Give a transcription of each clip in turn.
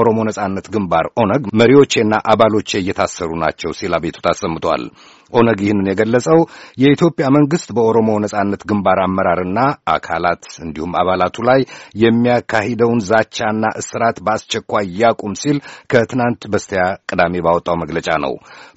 ኦሮሞ ነጻነት ግንባር ኦነግ መሪዎቼና አባሎቼ እየታሰሩ ናቸው ሲል አቤቱታ አሰምቷል። ኦነግ ይህንን የገለጸው የኢትዮጵያ መንግስት በኦሮሞ ነጻነት ግንባር አመራርና አካላት እንዲሁም አባላቱ ላይ የሚያካሂደውን ዛቻና እስራት በአስቸኳይ ያቁም ሲል ከትናንት በስቲያ ቅዳሜ ባወጣው መግለጫ ነው።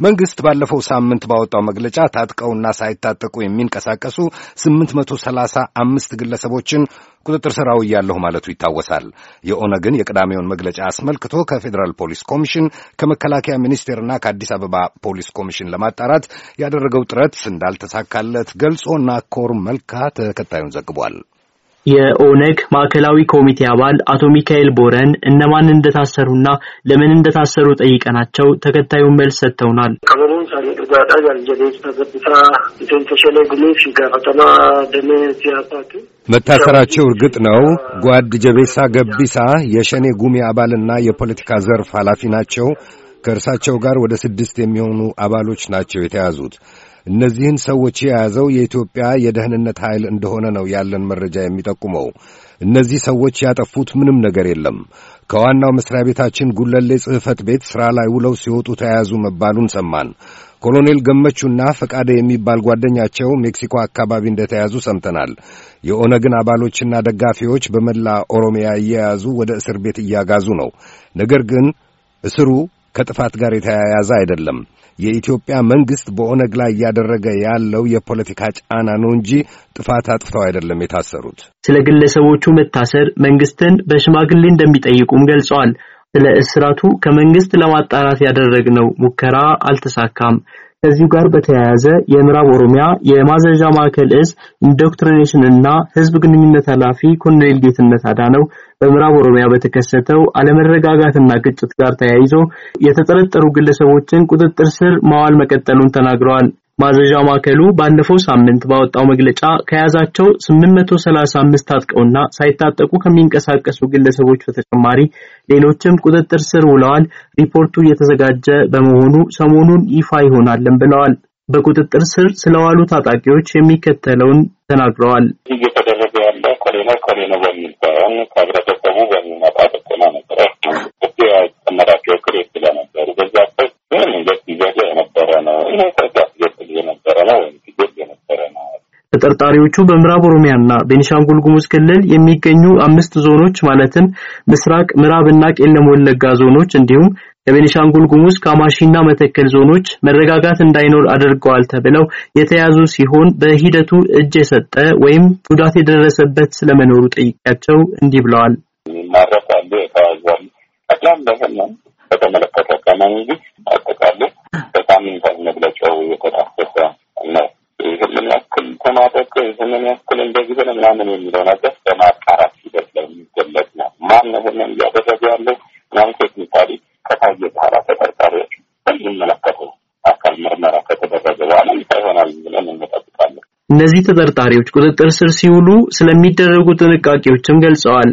መንግስት ባለፈው ሳምንት ባወጣው መግለጫ ታጥቀውና ሳይታጠቁ የሚንቀሳቀሱ ስምንት መቶ ሰላሳ አምስት ግለሰቦችን ቁጥጥር ስር አውያለሁ ማለቱ ይታወሳል። የኦነግን የቅዳሜውን መግለጫ አስመልክቶ ከፌዴራል ፖሊስ ኮሚሽን ከመከላከያ ሚኒስቴርና ከአዲስ አበባ ፖሊስ ኮሚሽን ለማጣራት ያደረገው ጥረት እንዳልተሳካለት ገልጾ ናኮር መልካ ተከታዩን ዘግቧል። የኦነግ ማዕከላዊ ኮሚቴ አባል አቶ ሚካኤል ቦረን እነማን እንደታሰሩና ለምን እንደታሰሩ ጠይቀናቸው ተከታዩን መልስ ሰጥተውናል። dhugaadha jaljabees ተገብሳ ኢቴንተሸለ ጉሌፍ ጋፈተማ ደሜ ሲያሳቱ መታሰራቸው እርግጥ ነው። ጓድ ጀቤሳ ገቢሳ የሸኔ ጉሚ አባልና የፖለቲካ ዘርፍ ኃላፊ ናቸው። ከእርሳቸው ጋር ወደ ስድስት የሚሆኑ አባሎች ናቸው የተያዙት። እነዚህን ሰዎች የያዘው የኢትዮጵያ የደህንነት ኃይል እንደሆነ ነው ያለን መረጃ የሚጠቁመው። እነዚህ ሰዎች ያጠፉት ምንም ነገር የለም። ከዋናው መስሪያ ቤታችን ጉለሌ ጽሕፈት ቤት ሥራ ላይ ውለው ሲወጡ ተያያዙ መባሉን ሰማን። ኮሎኔል ገመቹና ፈቃደ የሚባል ጓደኛቸው ሜክሲኮ አካባቢ እንደተያዙ ሰምተናል። የኦነግን አባሎችና ደጋፊዎች በመላ ኦሮሚያ እየያዙ ወደ እስር ቤት እያጋዙ ነው። ነገር ግን እስሩ ከጥፋት ጋር የተያያዘ አይደለም። የኢትዮጵያ መንግሥት በኦነግ ላይ እያደረገ ያለው የፖለቲካ ጫና ነው እንጂ ጥፋት አጥፍተው አይደለም የታሰሩት። ስለ ግለሰቦቹ መታሰር መንግሥትን በሽማግሌ እንደሚጠይቁም ገልጸዋል። ስለ እስራቱ ከመንግስት ለማጣራት ያደረግነው ሙከራ አልተሳካም። ከዚሁ ጋር በተያያዘ የምዕራብ ኦሮሚያ የማዘዣ ማዕከል እዝ ኢንዶክትሪኔሽን እና ህዝብ ግንኙነት ኃላፊ ኮሎኔል ጌትነት አዳነው በምዕራብ ኦሮሚያ በተከሰተው አለመረጋጋትና ግጭት ጋር ተያይዞ የተጠረጠሩ ግለሰቦችን ቁጥጥር ስር ማዋል መቀጠሉን ተናግረዋል። ማዘዣ ማዕከሉ ባለፈው ሳምንት ባወጣው መግለጫ ከያዛቸው 835 ታጥቀውና ሳይታጠቁ ከሚንቀሳቀሱ ግለሰቦች በተጨማሪ ሌሎችም ቁጥጥር ስር ውለዋል። ሪፖርቱ እየተዘጋጀ በመሆኑ ሰሞኑን ይፋ ይሆናልን ብለዋል። በቁጥጥር ስር ስለዋሉ ታጣቂዎች የሚከተለውን ተናግረዋል። እየተደረገ ያለው ኮሌ ነው ኮሌ ነው በሚል ተጠርጣሪዎቹ በምዕራብ ኦሮሚያና ቤኒሻንጉል ጉሙዝ ክልል የሚገኙ አምስት ዞኖች ማለትም ምስራቅ፣ ምዕራብና ቄለም ወለጋ ዞኖች እንዲሁም የቤኒሻንጉል ጉሙዝ ካማሺና መተከል ዞኖች መረጋጋት እንዳይኖር አድርገዋል ተብለው የተያዙ ሲሆን በሂደቱ እጅ የሰጠ ወይም ጉዳት የደረሰበት ስለመኖሩ ጠይቄያቸው እንዲህ ብለዋል። ይማረካሉ፣ የተያዛሉ ጠቅላም በተመለከተ ከመንግስት አጠቃላይ በሳምንት መግለጫው የተራ ይህንን ያክል እንደዚህ ሆነ ምናምን የሚለው ነገር በማጣራት ሂደት ላይ የሚገለጽ ነው። ማን ነው ይህንን እያደረገ ያለው ምናምን ቴክኒካሊ ከታየ በኋላ ተጠርጣሪዎች የሚመለከቱ አካል ምርመራ ከተደረገ በኋላ ይፋ ይሆናል ብለን እንጠብቃለን። እነዚህ ተጠርጣሪዎች ቁጥጥር ስር ሲውሉ ስለሚደረጉ ጥንቃቄዎችም ገልጸዋል።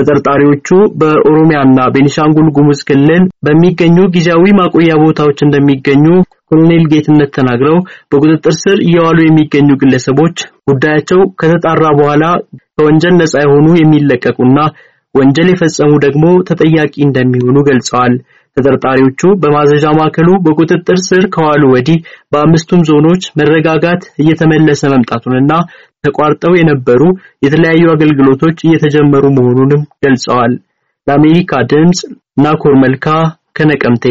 ተጠርጣሪዎቹ በኦሮሚያና ቤኒሻንጉል ጉሙዝ ክልል በሚገኙ ጊዜያዊ ማቆያ ቦታዎች እንደሚገኙ ኮሎኔል ጌትነት ተናግረው በቁጥጥር ስር እየዋሉ የሚገኙ ግለሰቦች ጉዳያቸው ከተጣራ በኋላ ከወንጀል ነጻ የሆኑ የሚለቀቁና ወንጀል የፈጸሙ ደግሞ ተጠያቂ እንደሚሆኑ ገልጸዋል። ተጠርጣሪዎቹ በማዘዣ ማዕከሉ በቁጥጥር ስር ከዋሉ ወዲህ በአምስቱም ዞኖች መረጋጋት እየተመለሰ መምጣቱንና ተቋርጠው የነበሩ የተለያዩ አገልግሎቶች እየተጀመሩ መሆኑንም ገልጸዋል። ለአሜሪካ ድምፅ ናኮር መልካ ከነቀምቴ